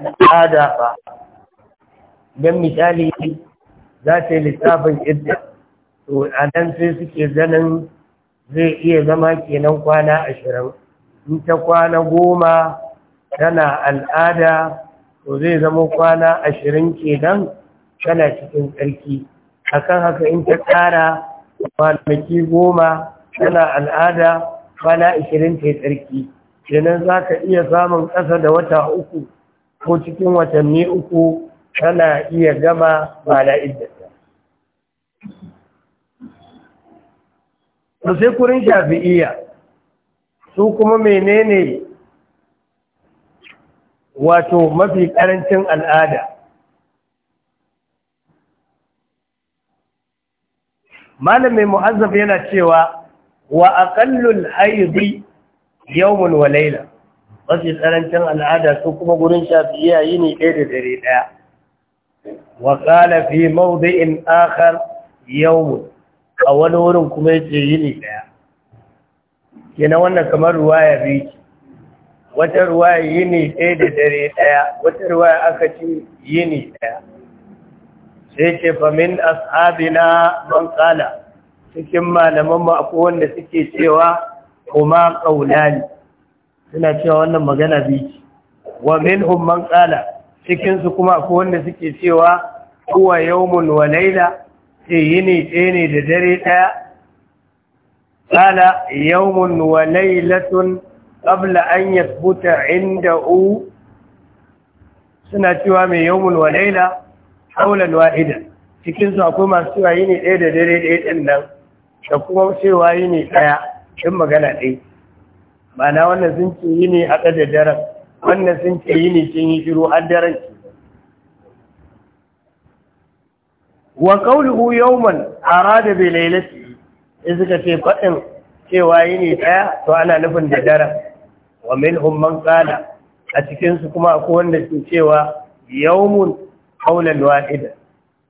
al'ada ba don misali za ta yi lissafin idda to a nan sai suke ganin zai iya zama kenan kwana ashirin in ta kwana goma tana al'ada to zai zama kwana ashirin kenan tana cikin tsarki a kan haka in ta ƙara kwanaki goma tana al'ada kwana ashirin ta tsarki kenan za ka iya samun ƙasa da wata uku ko cikin watanni uku tana iya gama bala iddata da sai kurin shafi'iyya su kuma menene wato mafi ƙarancin al'ada malamin mu'azzab yana cewa wa aqallul haidi yawmun wa layla mafi tsarancin al'ada su kuma gurin shafi'iya yi ne ɗaya da dare ɗaya wa ƙala fi maudu'in akhar yawmun a wani wurin kuma ya ce yi ne ɗaya kenan wannan kamar ruwaya biyu wata ruwaya yi ne ɗaya da dare ɗaya wata ruwaya aka ce yi ne ɗaya sai ce famin ashabina man ƙala cikin malaman a akwai wanda suke cewa kuma ƙaunani suna cewa wannan magana biyu wa min umman kala cikin su kuma akwai wanda suke cewa huwa yawmun wa layla ce yini ɗaya ne da dare ɗaya qala yawmun wa laylatun qabla an yathbuta u suna cewa mai yawmun wa layla qawlan wahida cikin su akwai masu cewa yini ɗaya da dare ɗaya ɗin nan da kuma cewa yini ɗaya cikin magana ɗaya ma'ana wannan sun ce yi ne a da daren wannan sun ce yi ne kin yi shiru a daren ce wa qawluhu yawman arada bai laylati in suka ce faɗin cewa yi ne ɗaya to ana nufin da daren wa minhum man qala a cikinsu kuma akwai wanda ke cewa yawmun qawlan wa'ida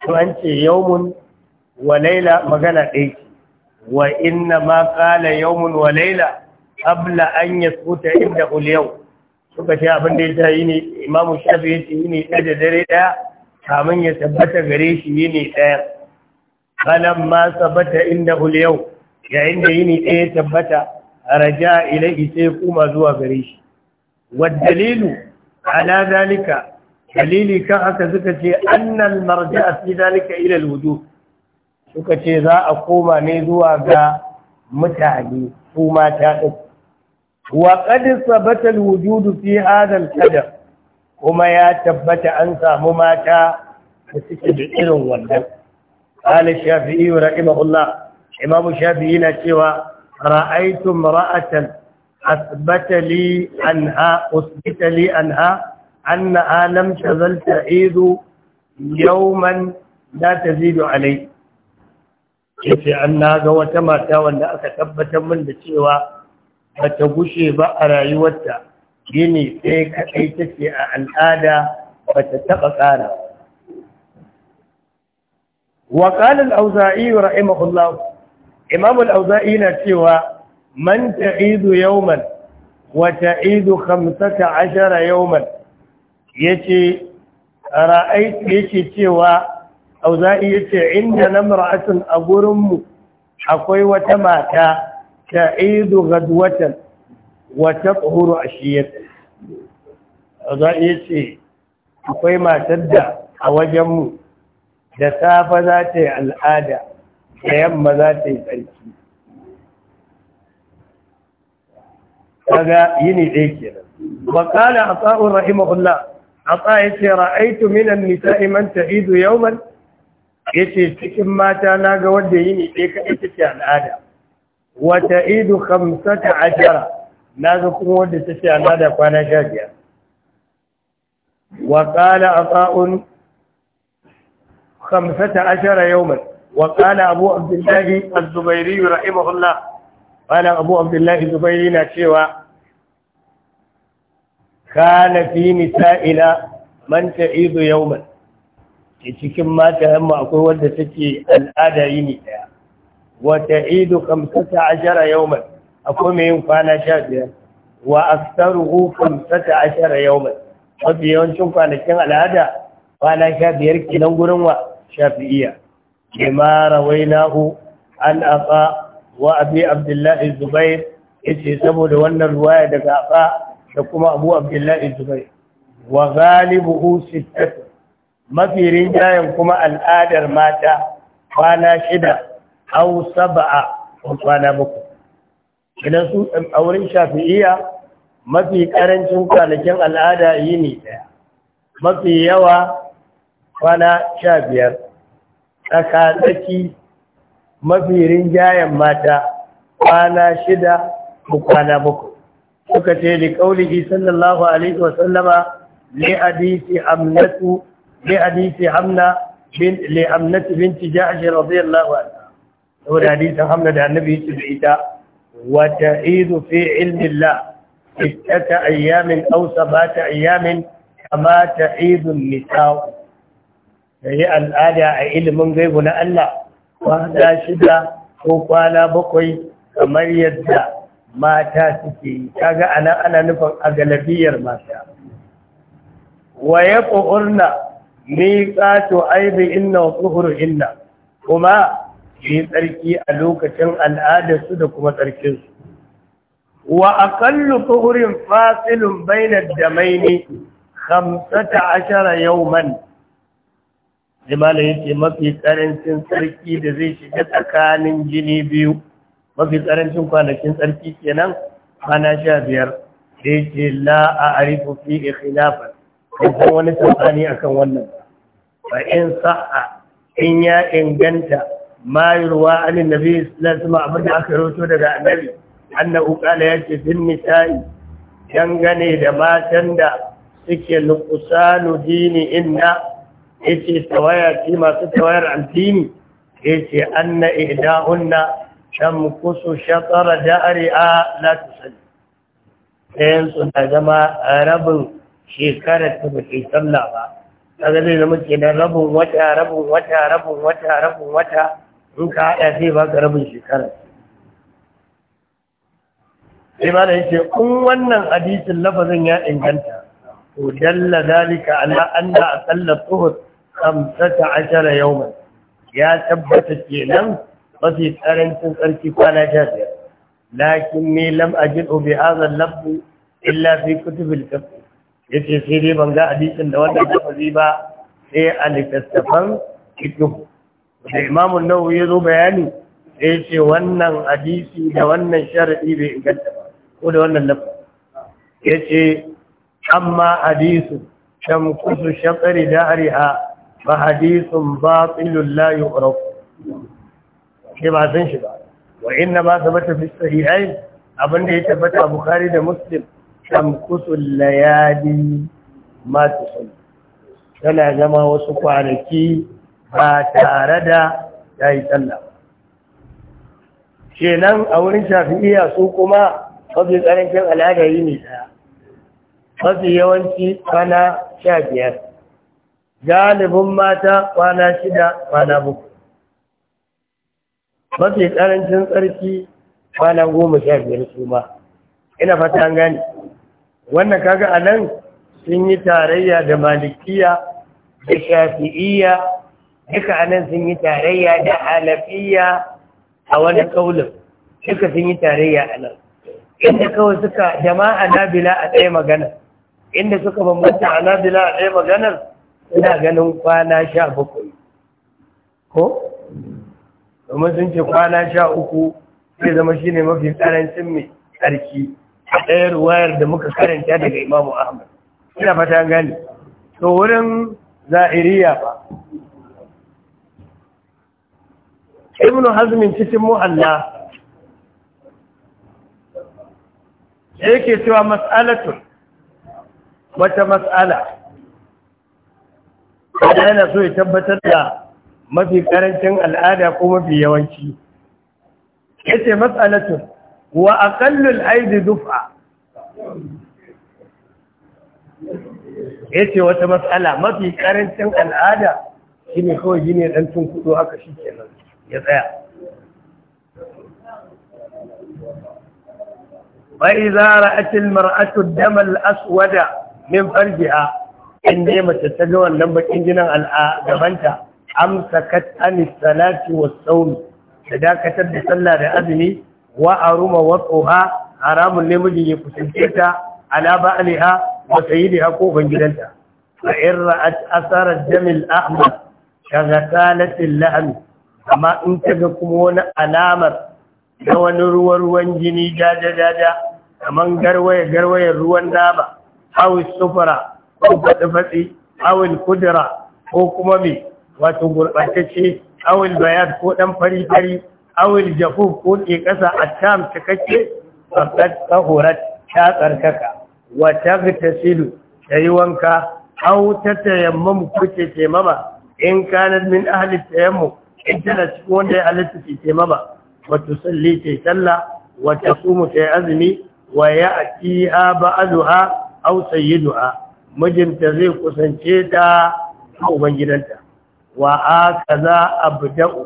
to an ce yawmun wa laila magana ɗaya wa inna ma qala yawmun wa laila abla an yasquta inda uliyau suka ce abin da ya ta yi ne imamu shafi ya ce yi ne ɗaya da dare ɗaya kamun ya tabbata gare shi yi ne ɗaya kalan ma tabbata inda uliyau yayin da yi ne ɗaya tabbata raja ilai sai kuma zuwa gare shi Wa dalilu ala zalika dalili kan haka suka ce annal marja fi zalika ila alwudu suka ce za a koma ne zuwa ga mutane kuma mata ɗin wa qad sabata wujudu fi hadha alqadar kuma ya tabbata an samu mata da suke da irin wannan qala shafi'i rahimahullah imam shafi'i na cewa ra'aytu imra'atan asbata an anha usbita li anha annaha lam tazal ta'idu yawman la alai. alayhi yace an wata mata wanda aka tabbatar min da cewa ba ta gushe ba a rayuwarta gini sai kaɗai take a al'ada ba ta taɓa ƙara wa ƙalin auza'i rahimahullahu imam al'auza'i na cewa man ta'idu yawman wa ta'idu khamsata ashara yawman yace ra'aytu yace cewa auza'i yace inda na namra'atun a gurinmu akwai wata mata ta'idu gadwatan wa taqhuru ashiyatan za iya ce akwai matar da a wajenmu da safa za ta yi al'ada da yamma za ta yi tsarki kaga yini ɗaya kenan wa qala asa'ur rahimahullah asa yace ra'aytu min an-nisa'i man ta'idu yawman yace cikin mata na ga wanda yini ɗaya kaɗai take al'ada wata idu hamsata ashara na ga kuma wadda ta ce ana da kwana sha biyar wa ƙala a ƙa'un hamsata ashara yau wa Waƙala abu abdullahi al-zubairi rahimahullah ƙala abu abdullahi zubairi na cewa kana fi nisa'ila man ta'idu yauman cikin mata yamma akwai wadda take al'ada yini ɗaya. وتعيد خمسة عشر يوما أقوم ينفعنا شابيا وأكثره خمسة عشر يوما mafi yawancin kwanakin al'ada kwana sha biyar kinan gurin wa shafi'iya kimara wainahu an afa wa abdullahi zubair yace saboda wannan ruwaya daga afa da kuma abu abdullahi zubair wa ghalibuhu sittatu mafi rinjayen kuma al'adar mata kwana shida au saba'a ko kwana muku idan su auren shafi'iyya mafi karancin kwanakin al'ada yini daya mafi yawa kwana sha biyar tsakatsaki mafi rinjayen mata kwana shida ko kwana bakwai suka ce da kaulihi sallallahu alaihi wasallama li hadisi amnatu li hadisi hamna bin li amnati binti ja'sh radiyallahu anha saboda hadisin hamna da annabi yace da ita wata ta'idu fi ilmilla, Allah sittata ayyamin aw sabata ayyamin kama ta'idu Ta yi al'ada a ilimin gaibu na Allah kwana shida ko kwana bakwai kamar yadda mata suke yi kaga ana ana nufin a galabiyar mata wa ni miqatu aibi inna wa tuhuru inna kuma yi tsarki a lokacin al'adarsu da kuma tsarkinsu wa a aƙallu tuhurin fasilin bainar da mai ne hamsata ashara yau man jimala ce mafi tsarancin tsarki da zai shiga tsakanin jini biyu mafi tsarancin kwanakin tsarki kenan mana sha biyar da yake la a fi ikhilafan kan wani tsakani akan wannan ba in sa'a in ya inganta ما يروى عن النبي aka سمع من daga annabi. النبي أنه قال يأتي في النساء dangane da matan da suke nukusanu dini inna ce tawaya ce masu tawayar addini ce anna ihdahunna tamkusu shatara da'ri'a la tusalli sayan su na zama rabin shekarar ta bace sallah ba kaga zai zama kenan rabin wata rabin wata rabin wata rabin wata in ka sai ba ka rabin shekara sai ba da yake in wannan hadisin lafazin ya inganta to dalla zalika ala anna aqalla tuhud 15 yawman ya tabbata kenan mafi karancin tsarki kwana 15 lakin ne lam ajidu bi hadha al-lafz illa fi kutub al-fiqh yace sai dai ban ga hadisin da wannan lafazi ba sai a littattafan fiqh da imamun nau'u ya zo bayani da ya ce wannan hadisi da wannan sharaɗi bai inganta ba ko da wannan lafi ya ce amma hadisu shan kusu shakari da ariha ba hadisun ba tsilun layu ƙarafu ke ba san shi ba wa inna ba su bata fi sahihai abinda ya tabbata a bukari da muslim shan kusu layadi masu sun tana zama wasu kwanaki ba tare da ya yi Ke nan a wurin shafi'iya su kuma kwafi tsarancin al'ada yi ne ɗaya kwafi yawanci kwana sha biyar galibin mata kwana shida kwana buku kwafi tsarancin tsarki kwana goma sha biyar su ma ina fata an gani wannan kaga a nan sun yi tarayya da malikiya da shafi'iya duka anan sun yi tarayya da halafiya a wani kaulin duka sun yi tarayya a nan inda kawai suka jama'a nabila a ɗaya magana inda suka bambanta a nabila a ɗaya maganar suna ganin kwana sha bakwai ko domin sun ce kwana sha uku zai zama shi ne mafi karancin mai tsarki a ɗayar wayar da muka karanta daga imamu ahmad ina fata gani to wurin za'iriya ba ibnu hazmin cikin muhalla yake cewa mas'alatun wata mas'ala da yana so ya tabbatar da mafi karancin al'ada ko mafi yawanci yace mas'alatun wa aqallul aidi duf'a yace wata mas'ala mafi karancin al'ada shine kawai gine dan tun kudu haka shikenan ya tsaya bai zara a tilmar asur damar aswada min farjiya inda ya mace ta ga wannan bakin ginin al'adabanta amsa kat tsani salati wa tsauni da dakatar da sallah da azumi wa a ruma wa tsoha haramun ne mijin ya kusurce ta ala ba'aliha wa sayidi gidanta A irra asarar jamil ahmad shagatalatin lahami amma in ka ga kuma wani alamar na wani ruwa-ruwan jini jaja-jaja kamar garwaya garwayar ruwan nama hawis sufura ko faɗi-faɗi hawil kudura ko kuma mai wato gurɓatacce hawil bayan ko ɗan fari-fari hawil jafu ko ke ƙasa a tam cikakke tsarkar tsahorar ta tsarkaka wata ta silu ta yi wanka hau ta tayammam kuke taimama in kanar min ahalin tayammam in tana cikin wanda ya halatta ce ce mama wa tusalli ce sallah Wata kuma ce azumi wa ya'tiha ba'duha yi sayyiduha mijinta zai kusance ta a gidanta. wa hakaza abda'u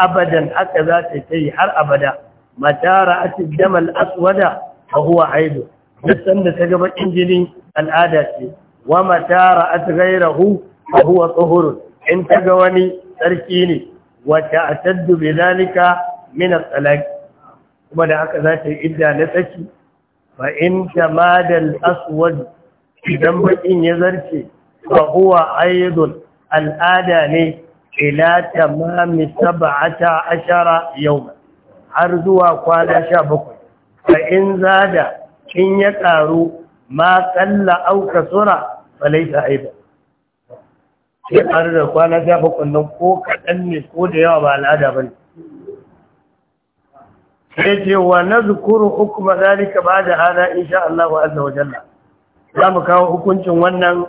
abadan haka za ta kai har abada mata ra'atid damal aswada fa huwa haidu duk sanda ta ga injini al'ada ce wa mata ra'at ghayrahu a huwa tuhurun in ta ga wani tsarki ne wata a taddu bai zalika minas tsalaki kuma da haka za ta yi idda na tsaki ba in ta aswad idan bakin ya zarce ba huwa aidun al'ada ne ila tamami saba'ata ashara yau har zuwa kwana sha bakwai ba in zada in ya ƙaru ma ƙalla auka sura ba laisa aiba sai ƙaru da kwana ta bakwai nan ko kaɗan ne ko da yawa ba al'ada ba ne sai ce wa na zukuru uku ba zalika ba da hana insha Allah wa azza wa jalla za mu kawo hukuncin wannan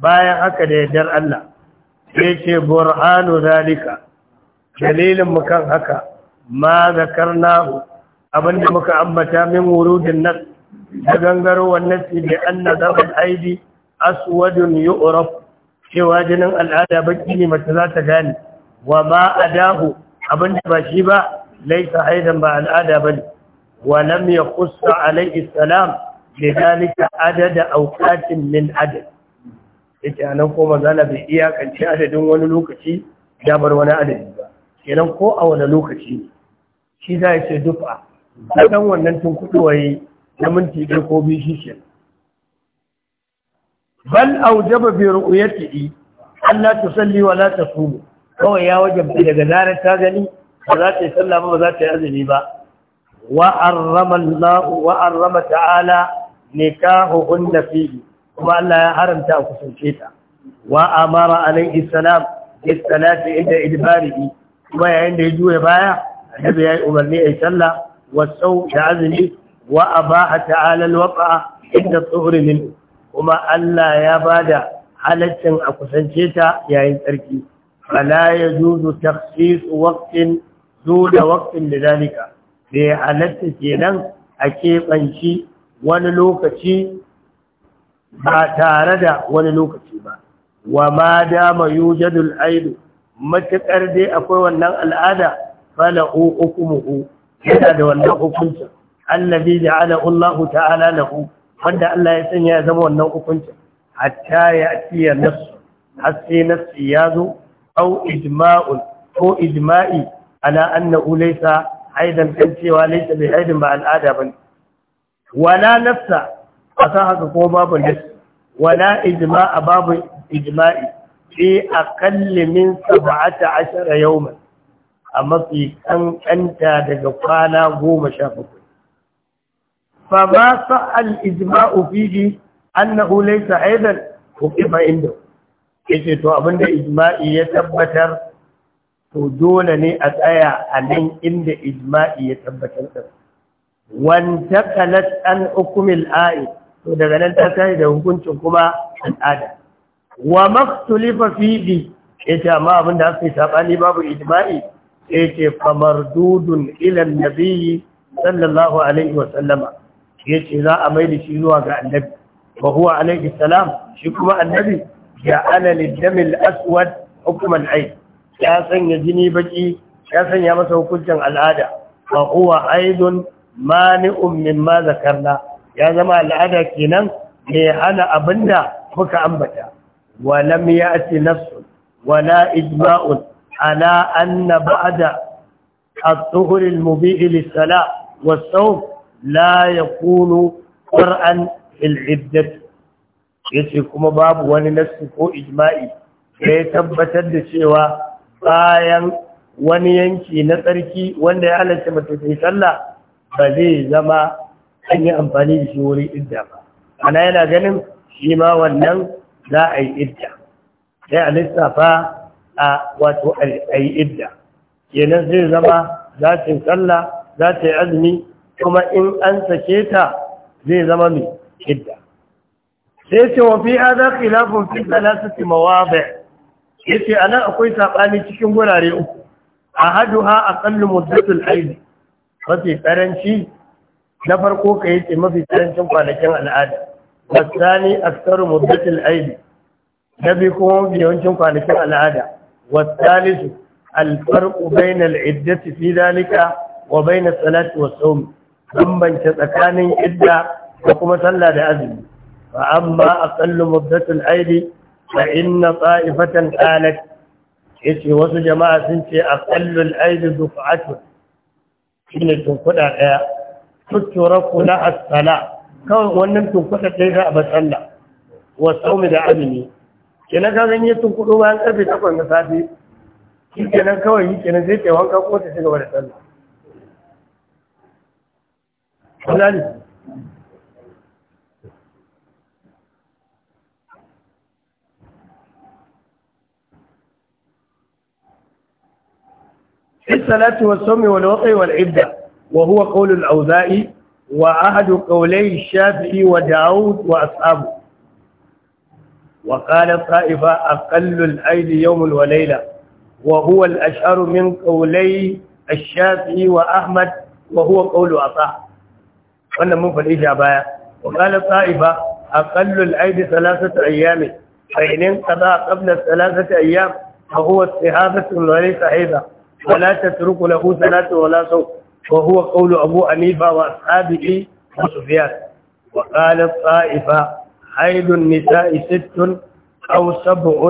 bayan haka da yardar Allah sai ce burhanu zalika dalilin mu kan haka ma zakarnahu abinda muka ambata min wurudin nas da gangarowar nasi da anna zaman aidi aswadun yu'raf cewa jinin al'ada baki ne mace za ta gane wa ma dahu abinda ba shi ba laisa aidan ba al'ada ba ne. wa lam kusa alaihi salam bi dalika adada awqatin min adad Ita anan ko zana bai kanci adadin wani lokaci ya bar wani adadi ba kenan ko a wani lokaci ne shi za ya ce dufa kan wannan tun kudu waye na minti ko biyu shi kenan bal aujaba bi ru'yatihi Allah ta salli wa la tasumu kawai ya wajabta daga zarar ta gani ba za ta yi sallah ba ba za ta yi azumi ba wa arrama Allah wa arrama ta'ala nikahuhunna fihi kuma Allah ya haramta ku sunce ta wa amara alaihi salam bis salati inda idbarihi kuma yayin da ya juya baya annabi ya yi umarni a yi sallah wa sau da azumi wa abaha ta'ala al inda tsuhri minhu kuma Allah ya ba da halaccin a kusance ta yayin tsarki fala yajuzu takhsis waqtin duna da lidalika bai halatta kenan a keɓanci wani lokaci ba tare da wani lokaci ba wa ma dama yujadul aidu matuƙar dai akwai wannan al'ada Fala'u hukumuhu yana da wannan hukuncin allazi ja'ala Allah ta'ala lahu wanda Allah ya sanya ya zama wannan hukuncin hatta ya tiya nafsu har sai nafsu ya zo au ijma'un ko ijma'i ala annahu laysa aidan kan cewa laysa bi aidin ba al'ada bane wala nafsa a akan haka ko babu nafsu wala ijma'a babu ijma'i fi aqall min 17 yawman a mafi kankanta daga kwana 17 فما صح الإجماع فيه أنه ليس أيضا وقف عنده yace to abinda ijma'i ya tabbatar to dole ne a tsaya a nan inda ijma'i ya tabbatar da wanta kalat an hukumil a'i to daga nan ta kai da hukuncin kuma al'ada wa maktulifa fihi yace amma abinda aka yi sabani babu ijma'i yace famardudun ila annabi sallallahu alaihi wa sallama yace za a mai da shi zuwa ga annabi wa huwa alaihi salam shi kuma annabi ya ana lidamil aswad hukuman aid ya sanya jini baki ya sanya masa hukuncin al'ada wa huwa aidun ummin mimma zakarna ya zama al'ada kenan me hana abinda muka ambata wa lam ya'ti nafsun wala ijma'un ala anna ba'da الطهر المبيح للصلاة والصوم la yakunu qur'an fil yace kuma babu wani nassi ko ijma'i sai tabbatar da cewa bayan wani yanki na tsarki wanda ya halarta mace ta sallah ba zai zama an yi amfani da shi wurin idda ba ana yana ganin shi ma wannan za a yi idda sai a lissafa a wato a yi idda kenan zai zama za ta yi sallah za ta yi azumi kuma in an sake ta zai zama mai idda sai ce wa fi hada khilafun fi thalathati mawadi yace anan akwai sabani cikin wurare uku A ha a aqallu muddatul haid mafi ƙaranci na farko ka yi ce mafi karancin kwanakin al'ada wasani aktaru muddatul haid na bi kuma mafi yawancin kwanakin al'ada su alfar wasalisu الفرق بين العدة wa ذلك وبين الصلاة والصوم bambance tsakanin idda da kuma sallah da azumi fa amma aqallu muddatul aidi fa inna ta'ifatan qalat yace wasu jama'a sun ce aqallul aidi duf'atu shine tunkuda daya tuturaku la as-sala kawai wannan tun tunkuda daya za a bar sallah wa saumi da azumi Kina ka ganye tunkudo bayan karfe 8 na safe shi kenan kawai yi kenan zai ke wanka ko ta shiga da sallah وذلك في الصلاة والصوم والوقع والعبدة وهو قول الأوزائي وأحد قولي الشافعي وداود وأصحابه وقال الطائفة أقل الأيد يوم وليلة وهو الأشهر من قولي الشافعي وأحمد وهو قول أصحابه wannan mun faɗi shi a baya wa qala sa'ifa aqallu al-aidi thalathatu ayyam fa in qada qabla thalathati ayyam fa huwa istihabatu wa laysa aidan wa la tatruku lahu salatu wa la sawm wa huwa qawlu abu hanifa wa ashabihi wa sufyan wa qala sa'ifa حيض النساء ست أو سبع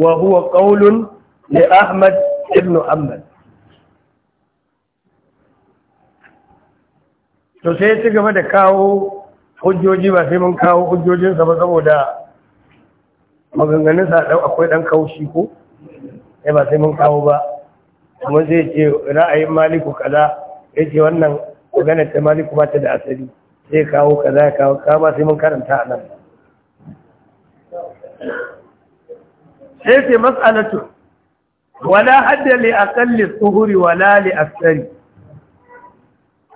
وهو قول لأحمد بن محمد to sai ci gaba da kawo hujjoji ba sai mun kawo hujjojinsa ba saboda maganganun saɗau akwai ɗan kaushi ko ya eh, ba sai mun kawo ba kuma sai ce ra'ayin maliku kaza ya ce wannan maganar ta maliku ba ta da asali Sai kawo kaza ya kawo ba sai mun karanta a nan sai ce mas'alatu wala hadda li aqalli tsuhuri wala li aksari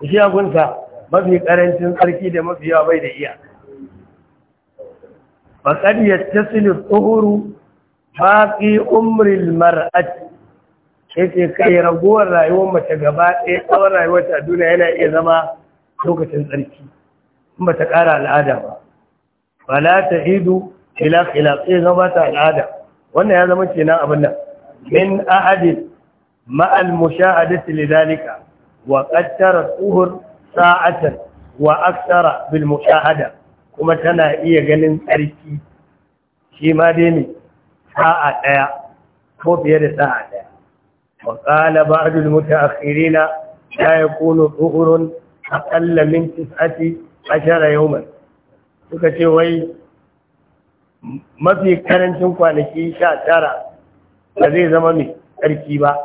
shi abunsa mafi karancin tsarki da mafi yawa bai da iya faƙar ya tasiri tsohuru faƙi umril mar'at yake kai ragowar rayuwar mace gaba ɗaya tsawon rayuwar ta duniya yana iya zama lokacin tsarki in ba ta ƙara al'ada ba ba ta idu ilaƙilaƙi zama al'ada wannan ya zama kenan abin nan min ahadin ma'al mushahadati lidalika wa qaddara tuhur sa'atan wa aksara bil kuma tana iya ganin tsarki shi ma dai ne sa'a ɗaya ko fiye da sa'a ɗaya wa qala ba'd al mutaakhirina la yakunu tuhurun aqalla min tis'ati ashara yawman suka ce wai mafi karancin kwanaki sha tara ba zai zama mai tsarki ba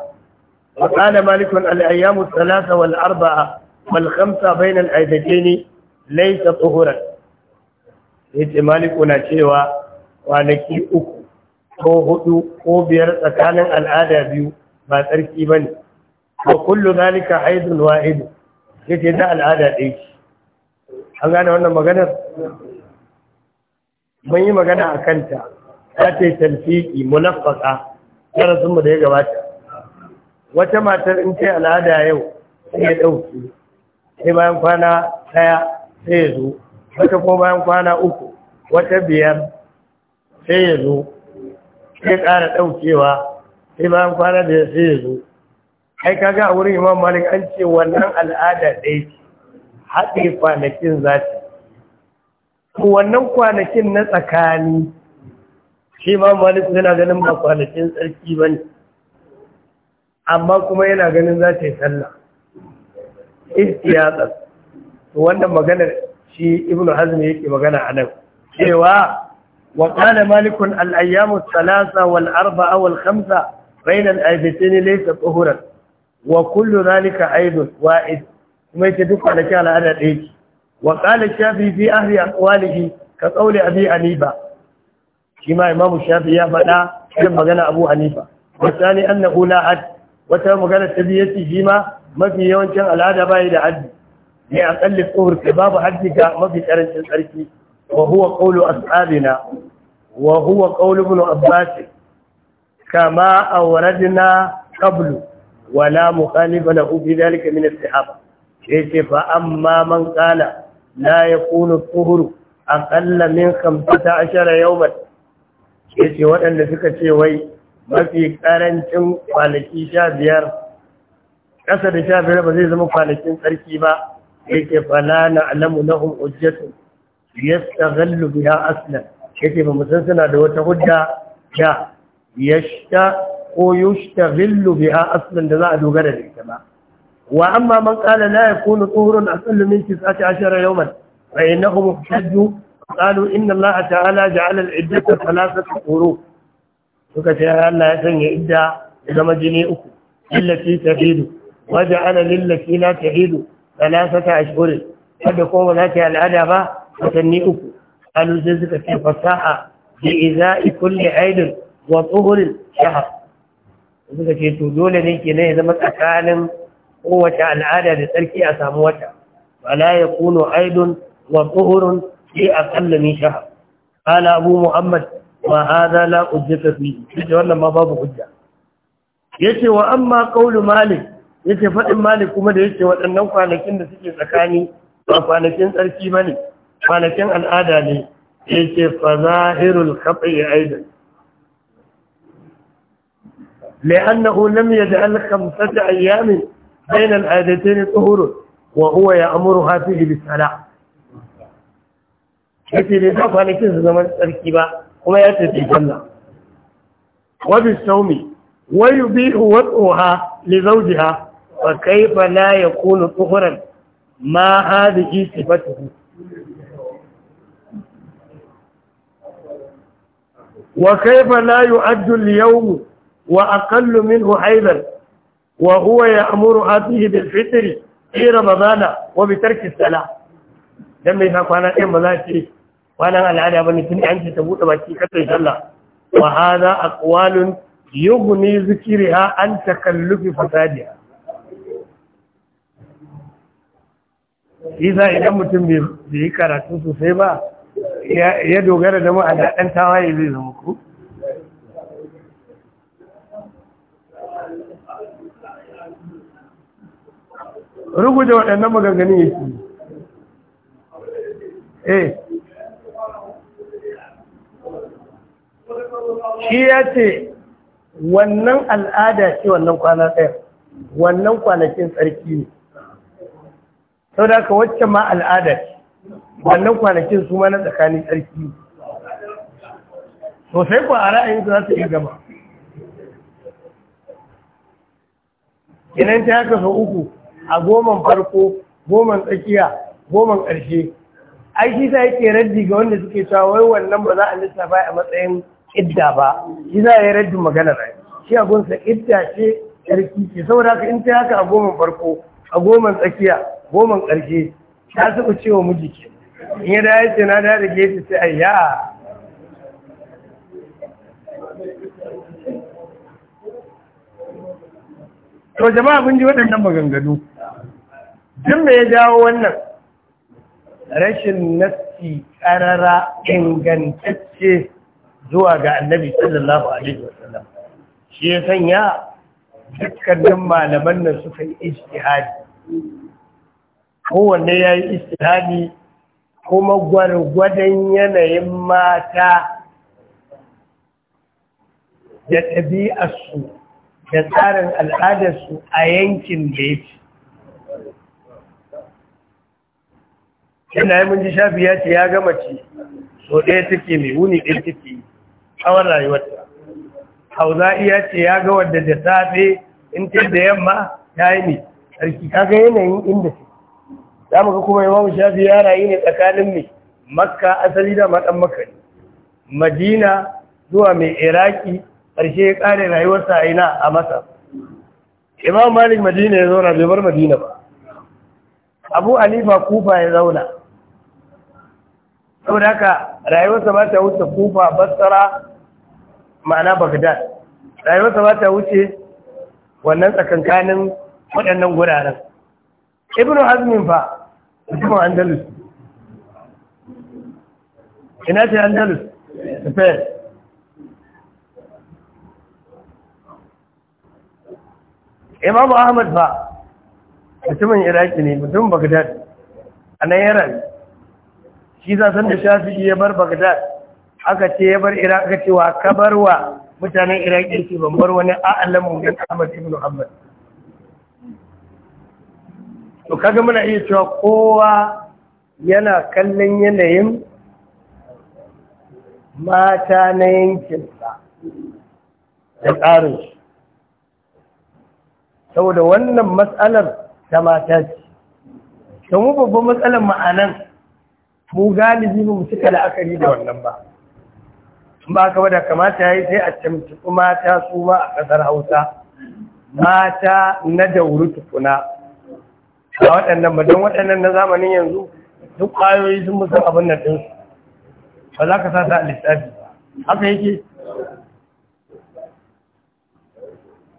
wa qala malikun al ayyamu thalatha wal arba'a والخمسة بين العيدتين ليس طهورا yace maliku na cewa kwanaki uku ko hudu ko biyar tsakanin al'ada biyu ba tsarki ba ne wa kullu zalika haidun wahidu yace da al'ada ɗai ce an gane wannan maganar mun yi magana a kanta ta ce talfiki munafaka mu da ya gabata wata matar in ce al'ada yau sai ya ɗauki sai bayan kwana ɗaya sai ya zo wata ko bayan kwana uku wata biyar sai ya zo sai ƙara ɗaukewa sai bayan kwana biyar sai ya zo ai kaga a wurin imam malik an ce wannan al'ada ɗaya ce haɗe kwanakin za ta wannan kwanakin na tsakani shi imam malik yana ganin ba kwanakin tsarki ba ne amma kuma yana ganin za ta yi sallah ihtiyatan to wannan maganar shi ibnu hazm yake magana a nan cewa wa qala malik al ayyam thalatha wal arba'a wal khamsa bain al aybatain laysa tuhuran wa kullu dhalika aidun wa'id kuma yake duk kwanaki al'ada ɗaya ce wa qala shafi fi ahli aqwalihi ka qawli abi hanifa shi ma imamu shafi ya faɗa irin magana abu hanifa wasani annahu la wata magana ta biye shi ma mafi yawancin al'ada bai da haddi ne a tsalli tsohur babu haddi ga mafi karancin tsarki wa huwa a ashabina wa huwa qawlu bin abbas kama a awradna qablu wala mukhalifa lahu fi dhalika min as-sahaba ce fa amma man qala la yakunu tsohuru aqalla min 15 yawman ce waɗanda suka ce wai mafi ƙarancin kwanaki sha biyar ƙasa da sha biyar ba zai zama kwanakin tsarki ba Ya ke fala na alamu na hun ujjatu ya tsagallu biya aslan yake ba musan suna da wata hujja ya yashta ko yushtaghillu biha aslan da za a dogara da ita ba wa amma man qala la yakunu tuhurun asallu min 19 yawman fa innahu muhtajju qalu inna Allah ta'ala ja'ala al-iddata thalathata quru suka ce Allah ya sanya idda ya zama jini uku illati tafidu وجعل للتي لا تحيد ثلاثة al'ada قد قوم لك الأدى با فتنيئك قالوا جزك في فصاحة بإذاء كل عيد وطهر شهر suka ce to dole ne ke ya zama tsakanin kowace al'ada da tsarki a samu wata wala ya kuno aidun wa tsohurun sai a kallamin shahar ala muhammad ma haza la ujjata fi wannan yace wa amma qawlu yace faɗin malik kuma da yake waɗannan kwanakin da suke tsakani ba kwanakin tsarki ba ne kwanakin al'ada ne yace fa zahirul khafi aidan لأنه لم يجعل خمسة أيام بين العادتين طهور وهو يأمرها فيه بالصلاة yake ne ta kwanakin su zaman tsarki ba kuma ya tafi sallah wayu bisaumi wa yubihu wad'uha li zawjiha fa kaifa la yakunu tuhran ma hadhihi sifatuhu wa kaifa la yu'addu al-yawm wa aqallu minhu aidan wa huwa ya'muru atihi bil fitri fi ramadana wa bi tarki as-salah dan mai sa kwana ɗayan ba za ce kwanan al'ada bane tun an ce ta bude baki kada sallah wa hadha aqwalun yughni zikriha an takallufi fasadiha isa idan mutum bai yi karatu sosai ba ya dogara da ma'ana ɗan tawaye zai zama ku da waɗannan ya ce eh shi ya ce wannan al'ada ce wannan kwana ɗaya wannan kwanakin tsarki ne sau da aka wacce ma al'ada wannan kwanakin su ma na tsakanin tsarki sosai kuwa a ra'ayin za su iya gama idan ta haka sau uku a goman farko goman tsakiya goman ƙarshe aiki ta yake raddi ga wanda suke cewa wai wannan ba za a lissafa a matsayin idda ba shi za a yi raddin magana rai shi a gunsa idda ce ƙarfi ce saboda haka in ta haka a goman farko a goman tsakiya goman ƙarshe ta saba cewa miji ke in ya dawo ce na dawo da gefe sai ayya to jama'a mun ji waɗannan maganganu duk me ya jawo wannan rashin nassi ƙarara ingantacce zuwa ga annabi sallallahu alaihi wasallam shi ya sanya dukkanin malaman nan suka yi ijtihadi kowanne ya yi istihadi kuma gwargwadon yanayin mata da ɗabi'arsu da tsarin al'adarsu a yankin da ya ce yana yi mun ji shafi ya ce ya gama ce so ɗaya take mai wuni ɗaya take tsawon rayuwarta hauza iya ce ya ga wadda da safe in ce da yamma ta yi ne sarki kaga yanayin inda su za mu ga kuma imam shafi ya rayu ne tsakanin mai makka asali da maɗan makka ne madina zuwa mai iraki ƙarshe ya ƙare rayuwarsa a ina a masa imam malik madina ya zauna bai bar madina ba abu alifa kufa ya zauna saboda haka rayuwarsa ba ta wuce kufa basara ma'ana bagdad rayuwarsa ba ta wuce wannan tsakankanin waɗannan guraren ibnu hazmin fa kuma andalus ina ce andalus ahmad ba mutumin iraki ne mutum bagdad a nan yaran shi zasan da shafi ya bar bagdad aka ce ya bar iraki cewa kabarwa mutanen iraki ce ban bar wani a'alamu da ahmad ibn ahmad to kaga muna iya cewa kowa yana kallon yanayin mata na yankinsa da shi saboda wannan matsalar ta mata ce mu babban matsalar ma'anan mu galibi mu cika la'akari da wannan ba ba ka da kamata ya yi sai a camci mata su ma a ƙasar hausa mata na dauri tukuna a waɗannan ba don waɗannan na zamanin yanzu duk ƙwayoyi sun musu abin ɗin su, ba za ka sa ta a lissafi haka yake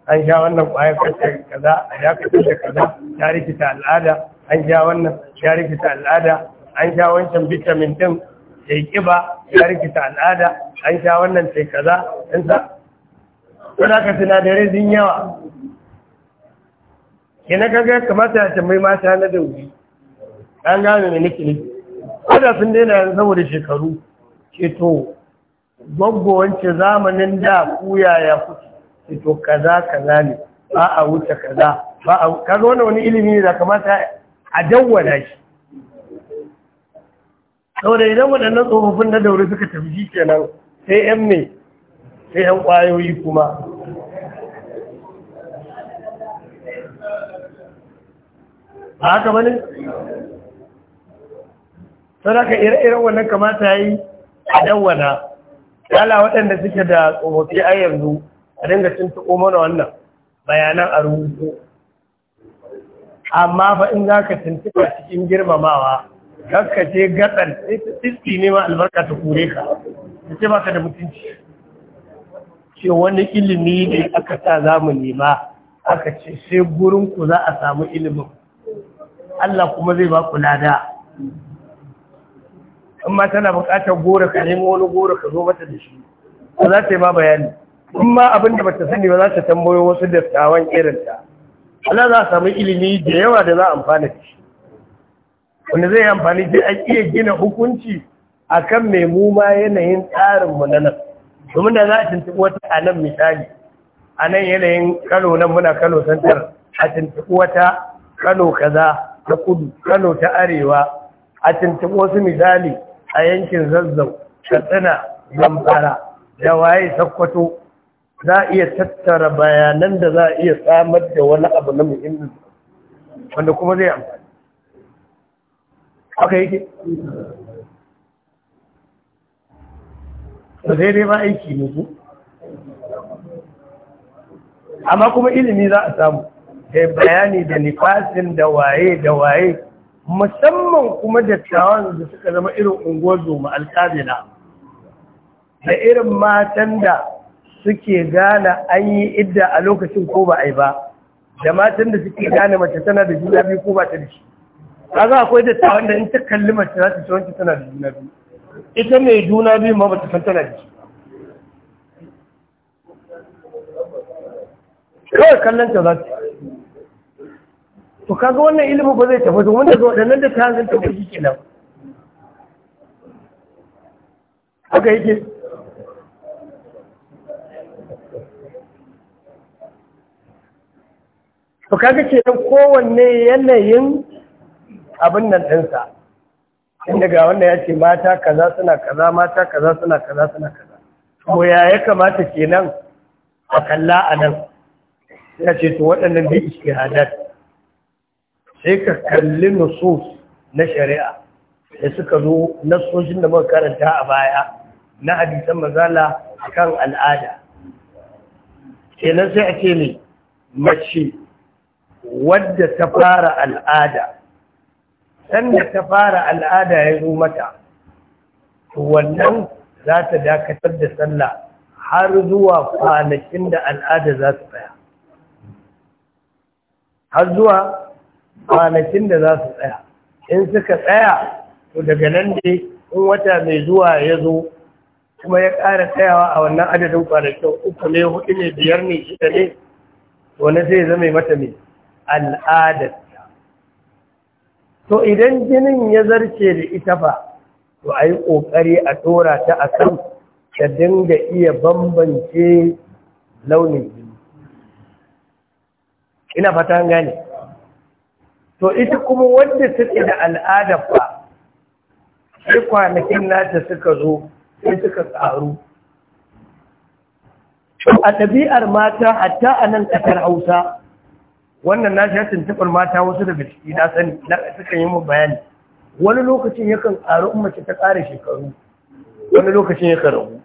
an sha wannan ƙwayar kashe kaza a ya kacce da kaza ya rikita al'ada an sha wannan ya rikita al'ada an sha wancan vitamin ɗin ya yi ƙiba ya rikita al'ada an sha wannan sai kaza ɗinsa. Kuna ka sinadarai sun yawa ina kaga kamata ya tambayi mata na dauri an gane ne nake ne kada sun daina yanzu saboda shekaru Ke to gwaggo wance zamanin da kuya ya kuke ce to kaza kaza ne ba a wuce kaza ba a kaga wannan wani ilimi ne da kamata a dawwala shi saboda idan waɗannan tsofaffin na daure suka tafi shi kenan sai yan me sai yan ƙwayoyi kuma ba haka bane sadaka ire-iren wannan kamata yi a wana yala waɗanda suke da tsofaffi a yanzu a dinga cin tuko mana wannan bayanan a rubutu amma fa in za ka tuntuɓa cikin girmamawa kakkace gatsan tsitsi ne ma albarka ta kure ka da ce baka da mutunci ce wani ilimi ne aka sa za mu nema aka ce sai gurinku za a samu ilimin Allah kuma zai ba ku lada in ma tana bukatar gora ka nemi wani gora ka zo mata da shi ba za ta yi ma bayani in ma abin da bata sani ba za ta tambayo wasu dattawan irinta Allah za a samu ilimi da yawa da za a amfana da shi wanda zai amfani da an iya gina hukunci akan mai mu ma yanayin tsarinmu na nan domin da za a tuntuɓi wata a nan misali a nan yanayin kano nan muna kano santar a tuntuɓi wata kano kaza ta kudu kano ta arewa a tuntuɓi wasu misali a yankin zazzau katsina zamfara da waye sakkwato za a iya tattara bayanan da za a iya samar da wani abu na muhimmin wanda kuma zai amfani haka yake zai daidai ba aiki ne su amma kuma ilimi za a samu da bayani da nifasin da waye da waye musamman kuma dattawan da suka zama irin unguwar zoma alkabila da irin matan da suke gane an yi idda a lokacin ko ba a yi ba da matan da suke gane mace tana da juna biyu ko ba ta da shi za akwai dattawan da in ta kalli mace za ta ci wancan tana da juna biyu ita mai juna biyu ma ba ta san tana da shi kawai kallon ta za su kaga wannan ilimin ba zai tafi domin da waɗannan da ta hanzar tafi shi kenan haka yake to kaga ke nan kowanne yanayin abin nan ɗinsa inda ga wannan ya ce mata kaza suna kaza mata kaza suna kaza suna kaza to ya ya kamata kenan a kalla a nan sai ce to waɗannan bi ishtihadat sai ka kalli nusus na shari'a da suka zo nasoshin da muka karanta a baya na hadisan mazala akan al'ada kenan sai a ce ne mace wadda ta fara al'ada sanda ta fara al'ada ya zo mata to wannan za ta dakatar da sallah har zuwa kwanakin da al'ada za su tsaya har zuwa kwanakin da za su tsaya in suka tsaya to daga nan ne in wata mai zuwa ya zo kuma ya ƙara tsayawa a wannan adadin kwanakin uku ne hudu ne biyar ne shida ne wani sai zama mata mai al'adarta to idan jinin ya zarce da ita fa to a yi ƙoƙari a ɗora ta a kan ta dinga iya bambance launin jini ina fata an gane to ita kuma wanda suke da al'ada fa sai kwanakin nata suka zo sai suka karu. a ɗabi'ar mata hatta a nan ƙasar hausa wannan na shi tuntuɓar mata wasu daga ciki na sani na suka yi mun bayani wani lokacin yakan ƙaru in mace ta ƙara shekaru wani lokacin yakan ragu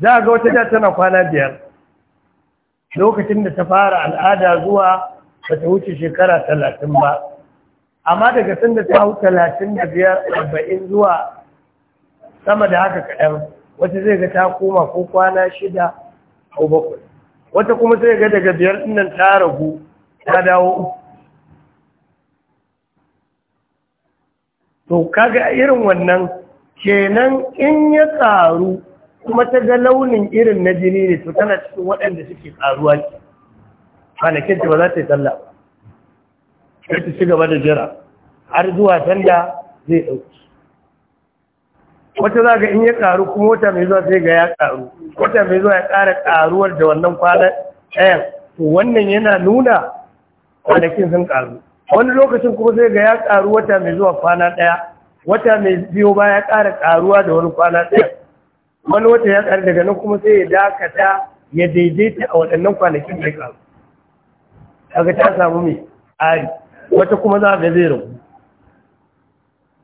za a ga wata da tana kwana biyar lokacin da ta fara al'ada zuwa ba ta wuce shekara talatin ba amma daga sanda ta hau talatin da biyar arba'in zuwa sama da haka kaɗan wata zai ga ta koma ko kwana shida ko bakwai wata kuma zai ga daga biyar ɗinnan ta ragu ta dawo to kaga irin wannan kenan in ya ƙaru. kuma ta ga launin irin na jini ne to tana cikin waɗanda suke ƙaruwa ne. kwanakin ta ba za ta yi sallah ba sai ta ci gaba da jira har zuwa sanda zai ɗauki wata za ga in ya ƙaru kuma wata mai zuwa sai ga ya ƙaru wata mai zuwa ya ƙara ƙaruwar da wannan kwanan ɗayan to wannan yana nuna kwanakin sun ƙaru wani lokacin kuma sai ga ya ƙaru wata mai zuwa kwana ɗaya wata mai biyo ba ya ƙara ƙaruwa da wani kwana ɗaya wani wata ya tsari daga nan kuma sai ya dakata ya daidaita a waɗannan kwanakin da ya kaga ta samu mai ari wata kuma za ga zai rabu.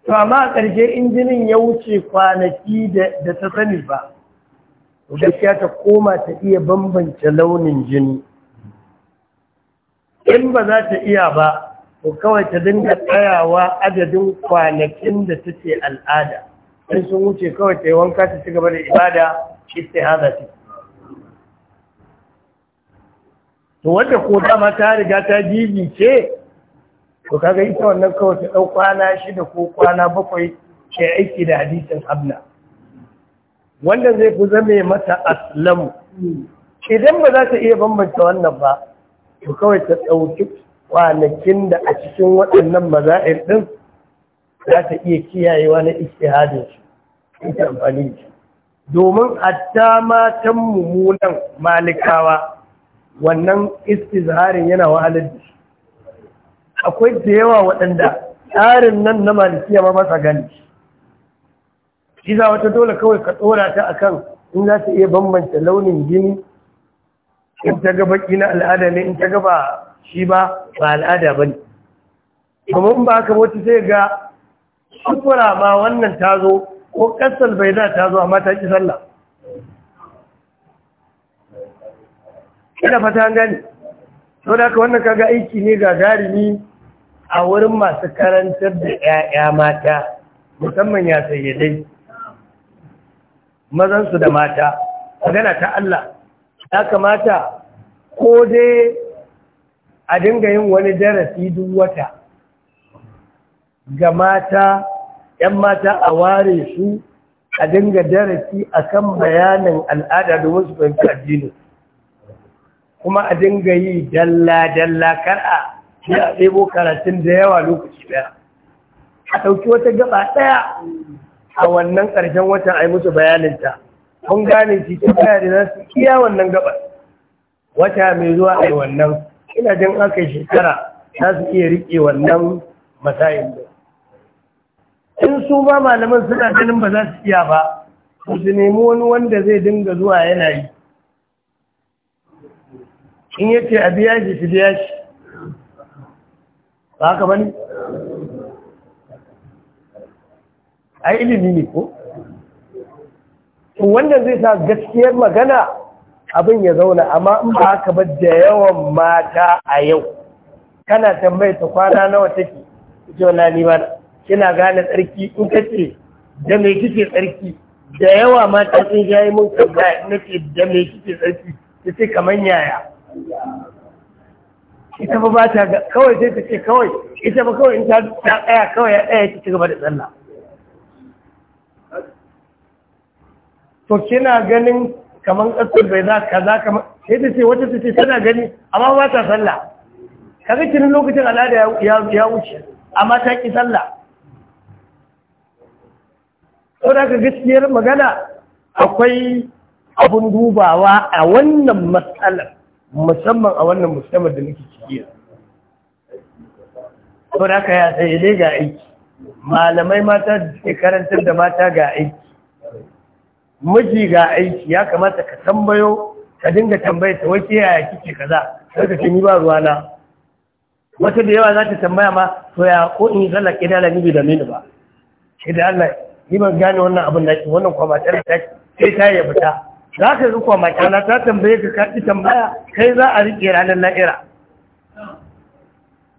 to amma a ƙarshe injinin ya wuce kwanaki da ta sani ba gaskiya ta koma ta iya bambance launin jini in ba za ta iya ba to kawai ta dinga tsayawa adadin kwanakin da take al'ada sai sun wuce kawai ta yi wanka ta ci gaba da ibada haza ce to wanda ko dama ta riga ta jibi ce to kaga ita wannan kawai ta ɗau kwana shida ko kwana bakwai ke aiki da hadisin abna wanda zai fi zame mata aslamu idan ba za ta iya bambanta wannan ba to kawai ta ɗauki kwanakin da a cikin waɗannan maza'ir ɗin za ta iya kiyayewa na istihadin ita amfani da shi domin ta matan mummunan malikawa wannan istizharin yana wahalar da shi akwai da yawa waɗanda tsarin nan na malikiya ma masa gani shi za wata dole kawai ka tsora ta akan in za ta iya bambanta launin gini in ta gaba na al'ada ne in ta gaba shi ba ba al'ada ba ne kuma in ba ka wata sai ga shukura ma wannan ta zo ko kasar bai za ta zo amma ta ƙi sallah ina fata gani sau da aka wannan kaga aiki ne ga gagarumi a wurin masu karantar da 'ya'ya mata musamman ya sayyadai mazansu da mata magana ta Allah ya kamata ko dai a dinga yin wani darasi duk wata ga mata 'yan mata a ware su a dinga darasi a kan bayanin al'ada domin su fahimci addini kuma a dinga yi dalla-dalla kar'a shi a ɗebo karatun da yawa lokaci ɗaya a ɗauki wata gaba ɗaya a wannan ƙarshen watan a yi musu bayaninta kun gane shi ta kaya da za su iya wannan gaba wata mai zuwa a yi wannan ina jin aka shekara za su iya riƙe wannan matsayin da in su ba malaman suna ganin ba za su iya ba su nemi wani wanda zai dinga zuwa yana yi in yake a biya shi su biya shi ba haka bane a ilimi ne ko wannan zai sa gaskiyar magana abin ya zauna amma in ba haka ba da yawan mata a yau kana ta kwana nawa take ita wala ni ba kina gane tsarki in kace da me kike tsarki da yawa ma ta sun shayi mun kalla ce da me kike tsarki kace kaman yaya ita ba ba ta ga kawai sai ta ce kawai ita ba kawai in ta tsaya kawai ya tsaya ta ci gaba da tsalla to kina ganin kaman kasar bai za ka za ka sai ta ce wata ta ce tana gani amma ba ta sallah kaga kinin lokacin al'ada ya wuce amma ta ki sallah saboda gaskiyar magana akwai abin dubawa a wannan matsalar musamman a wannan musamman da muke ciki saboda haka ya sai dai ga aiki malamai mata da suke karantar da mata ga aiki miji ga aiki ya kamata ka tambayo ka dinga tambayar ta wace yaya kike kaza sai ka ce ni ba ruwana wata da yawa za ta tambaya ma to ya ko in yi sallah kidala ni da mini ba ke da Allah ni ban gane wannan abin naki wannan kwamatar naki sai ta ya fita za ka zuwa makana ta tambaye ka kaɗi tambaya kai za a riƙe ranar na'ira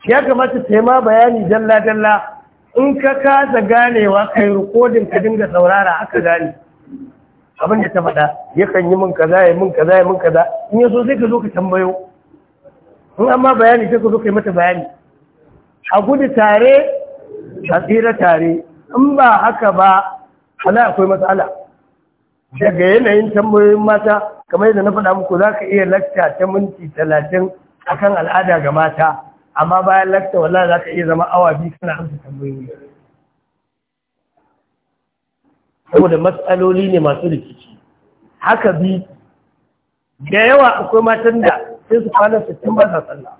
ya kamata ta ma bayani dalla-dalla in ka kasa ganewa kai rikodin ka dinga saurara aka gane abin da ta faɗa yakan yi min kaza ya min kaza ya min kaza in ya so sai ka zo ka tambayo in amma bayani sai ka zo ka yi mata bayani a gudu tare a tsira tare in ba haka ba ana akwai matsala daga yanayin tambayoyin mata kamar yadda na faɗa muku za ka iya lakta ta minti talatin a kan al'ada ga mata amma bayan lakta walla za ka iya zama awa biyu kana amsa tambayoyi saboda matsaloli ne masu rikici haka bi da yawa akwai matan da sai su kwana sittin ba sa sallah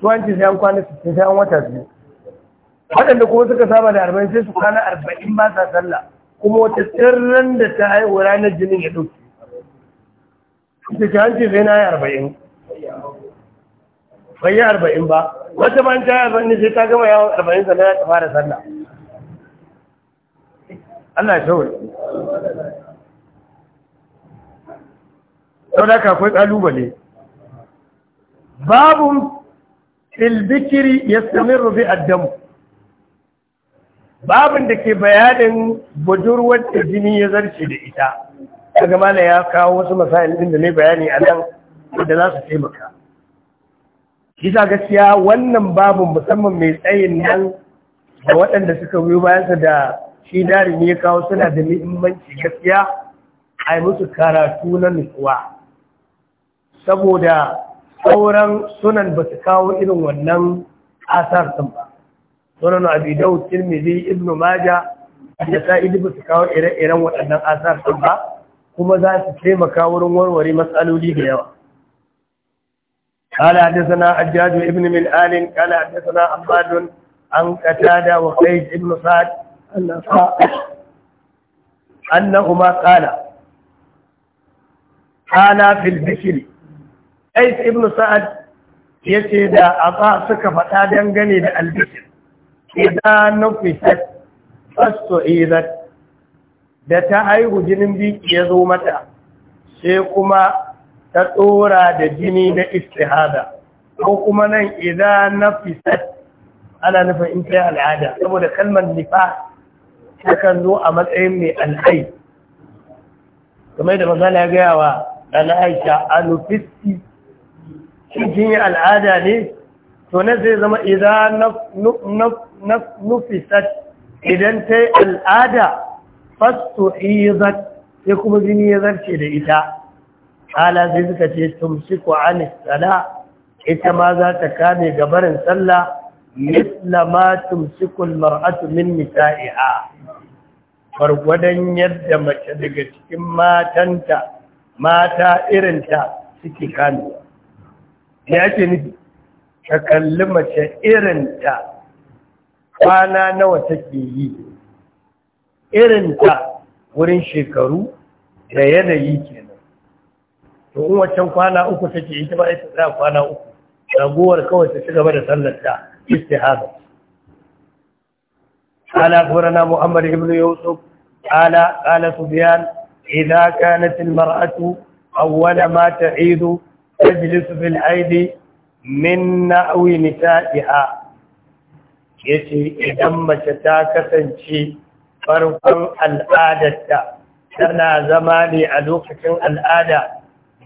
tuwanci sai an kwana sittin sai an wata biyu waɗanda kuma suka saba da arba'in sai su kwana arba'in ba sa sallah kuma wata tsirran da ta haihu ranar jinin ya ɗauki da ta hanci sai na yi arba'in bai yi arba'in ba wata ba ta yi arba'in sai ta gama yawon arba'in sannan ya fara sallah Allah ya shawar sau da kakwai ƙalubale babu ilbikiri ya sami rufi addamu babin da ke bayanin budurwar da jini ya zarce da ita gama da ya kawo wasu masayin din da ne bayani a nan da za su taimaka kisa gaskiya wannan babin musamman mai tsayin nan da waɗanda suka biyo bayansa da shi dari ne ya kawo suna da muhimmanci gaskiya a yi musu karatu na nutsuwa saboda sauran sunan ba su kawo irin wannan asar ba sunan abi daud tirmidhi ibn majah da sa'id ba su kawo ire-iren waɗannan asar ba kuma za su taimaka wurin warware matsaloli da yawa قال حدثنا حجاج ابن من آل قال حدثنا عباد عن قتادة وقيس ابن سعد أنهما قال كان في البشر قيس ابن سعد yace da a suka faɗa dangane da albishir idza nufisat fastu'izat da ta haihu jinin biki ya zo mata sai kuma ta tsora da jini na istihada ko kuma nan idza nafisat ana nufin in al'ada saboda kalmar nifa kan zo a matsayin mai al'ai kamar da magana gaya wa ɗana aisha anufisti shi jini al'ada ne to na zai zama idan nufisat idan ta yi al'ada fasto izat ya kuma jini ya zarce da ita ala zai suka ce tumsiku an ita ma za ta kame gabarin sallah misla ma tumsiku mar'atu min nisa'iha fargwadon yadda mace daga cikin matanta mata irinta suke kame. ya ake nufi ka kalli mace irinta kwana nawa take yi irin ta wurin shekaru da yanayi kenan to in wancan kwana uku take ta ba ita za kwana uku ragowar kawai ta ci gaba da sallar ta istihada قال أخبرنا محمد بن يوسف قال قال سفيان إذا كانت المرأة أول ما تعيد تجلس في العيد من نأو نسائها ya ce idan mace ta kasance farkon al'adarta tana zama ne a lokacin al'ada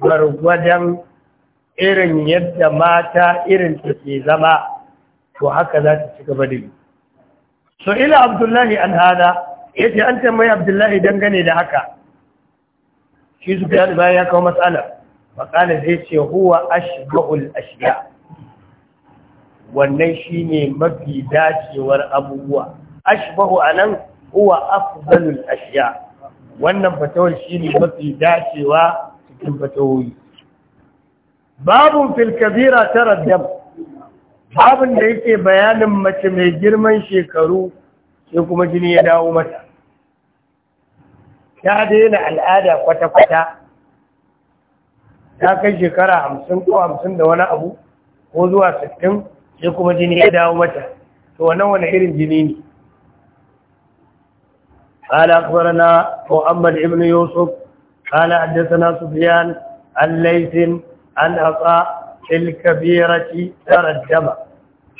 gwargwadon irin yadda mata irin ta ke zama to haka za ta ci gaba da yi so ila abdullahi an ya ce an tambayi abdullahi dangane da haka shi su da ya kawo matsala maƙalar zai ce huwa ashba'ul ashiya wannan ne mafi dacewar abubuwa ashbahu anan huwa afdalul ashiya wannan fatawar ne mafi dacewa cikin fatawoyi babun fil kabira taraddam babun da yake bayanin mace mai girman shekaru sai kuma jini ya dawo mata ta daina al'ada kwata-kwata ta kai shekara hamsin ko hamsin da wani abu ko zuwa sittin ya kuma jini ya dawo mata to wannan wani irin jini ne قال ko محمد ibn yusuf قال حدثنا سفيان allaisin an عن عطاء الكبيرة ترى الدم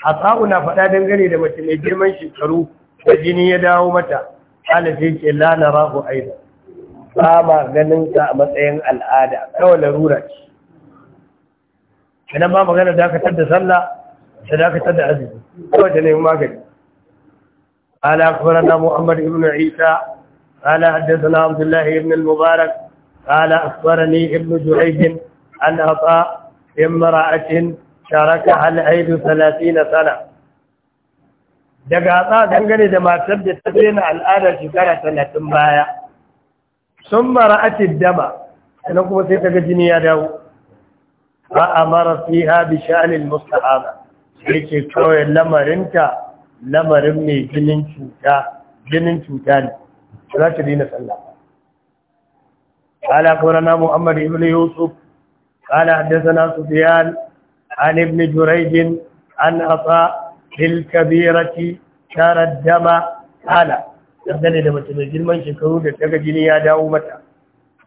عطاء نفدا dangane da mace mai girman shekaru da jini ya dawo mata قال fi ke lana rahu aida ba ma ganin ka a matsayin al'ada kawai larura ce kana ba magana dakatar da sallah سلاك تدع عزيزي وجل يوم ما قال أخبرنا محمد بن عيسى قال حدثنا عبد الله بن المبارك قال أخبرني ابن جريج أن أطاء امرأة شاركها العيد عيد ثلاثين سنة دقاطا دنقل إذا ما تبدي تبين على الآن شكرة سنة مبايا ثم رأت الدم أنكم سيتك جنيا دو فأمر فيها بشأن المستحابة yake kawai lamarinta lamarin mai jinin cuta jinin cuta ne za ta dina sallah قال أخبرنا محمد بن يوسف قال حدثنا سفيان عن ابن جريج عن عطاء kabirati, شار الدم قال dangane da mace mai girman shekaru da daga jini ya dawo mata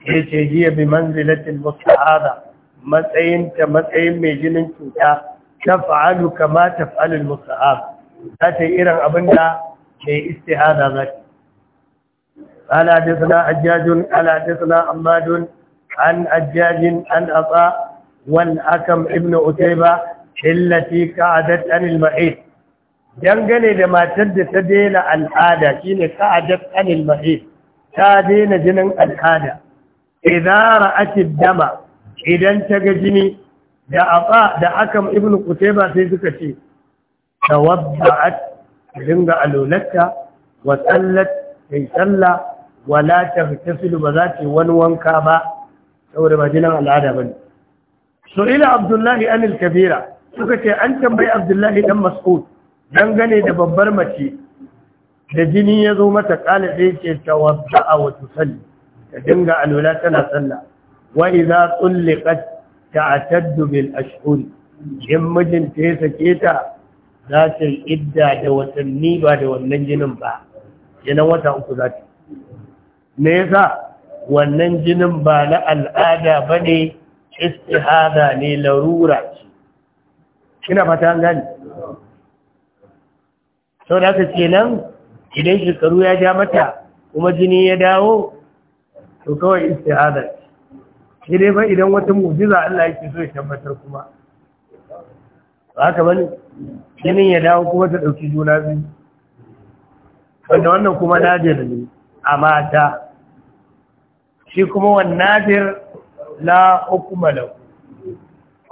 ya ce jiya bi manzilatin musta'ada matsayin ta matsayin mai jinin cuta taf'alu kama taf'alul musta'ab za ta yi irin abin da mai istihada za ta قال حدثنا عن حجاج عن عطاء والحكم ابن عتيبة التي قعدت عن المحيط dangane da matar da ta daina al'ada shine ka'adat anil mahid ta daina jinin al'ada idza ra'at dama idan ta ga jini da Aba da akam ibn kutaiba sai suka ce tawabba'at dinga alulatta wa sallat kai salla wa la tahtasilu ba za ta wani wanka ba saboda ba jinan al'ada bane so ila abdullahi anil kabira suka ce an tambayi abdullahi dan mas'ud dangane da babbar mace da jini ya zo mata kala sai ce tawadda'a wa tusalli ta dinga alula tana sallah wa idza tulliqat ta'taddu bil ashhur in mijinta ya sake ta za ta idda da watanni ba da wannan jinin ba jinin wata uku za ta me yasa wannan jinin ba na al'ada ba ne istihada ne larura kina ina fata gani sau da aka ce nan idan shekaru ya ja mata kuma jini ya dawo to kawai istihada ce shi ba idan wata mu'jiza Allah yake so ya tabbatar kuma haka bane jinin ya dawo kuma ta dauki juna biyu wanda wannan kuma nadir ne a mata shi kuma wannan nadir la hukuma lahu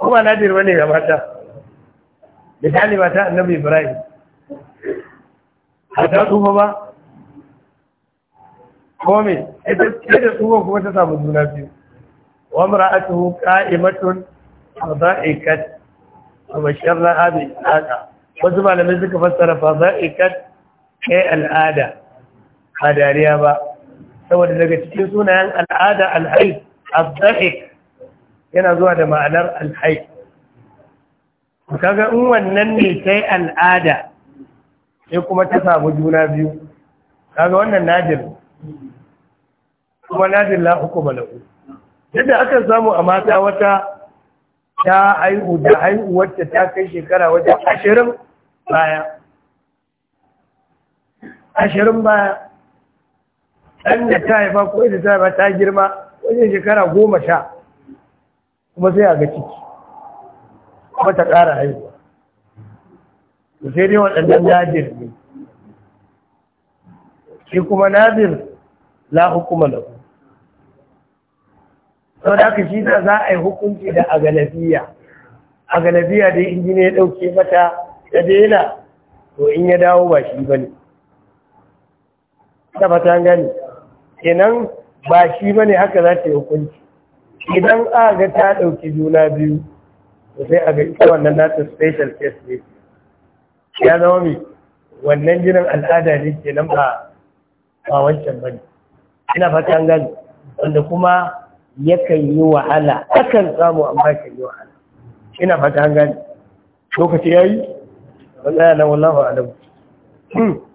kuma nadir bane ga mata misali mata annabi Ibrahim a ta tsufa ba kome ita ce da tsufa kuma ta samu juna biyu وامرأته قائمة فضائكت وبشرناها بالآدة وزما لما ذكر فسر فضائكت هي الآدة هذا با سوى لذلك تكيسون عن الآدة الحيث الضحك yana zuwa da ma'anar alhai kaga in wannan ne sai al'ada sai kuma ta samu juna biyu kaga wannan nadir kuma hukuma yadda akan samu a mata wata ta haihu da haihuwarta ta kai shekara wajen ashirin baya ashirin baya ɗan da ta haifa ko ita ta haifa ta girma wajen shekara goma sha kuma sai a ga ciki kuma ta ƙara haihuwa to sai dai waɗannan nadir ne shi kuma nadir la hukuma lahu sau da aka shi za a yi hukunci da agalabiya agalabiya da injini ya dauke mata da daina to in ya dawo ba shi ba ne ta fata gani kenan ba shi ba ne haka za ta yi hukunci idan aga ta ɗauki juna biyu to sai ga ita wannan nata special case ne ya zama mai wannan jinin al'ada ne kenan nan ba wancan ba ne ina fata gani wanda kuma yakan yi wahala akan samu amma ba yi wahala ina fata an gani lokaci yayi wallahi wallahu a'lam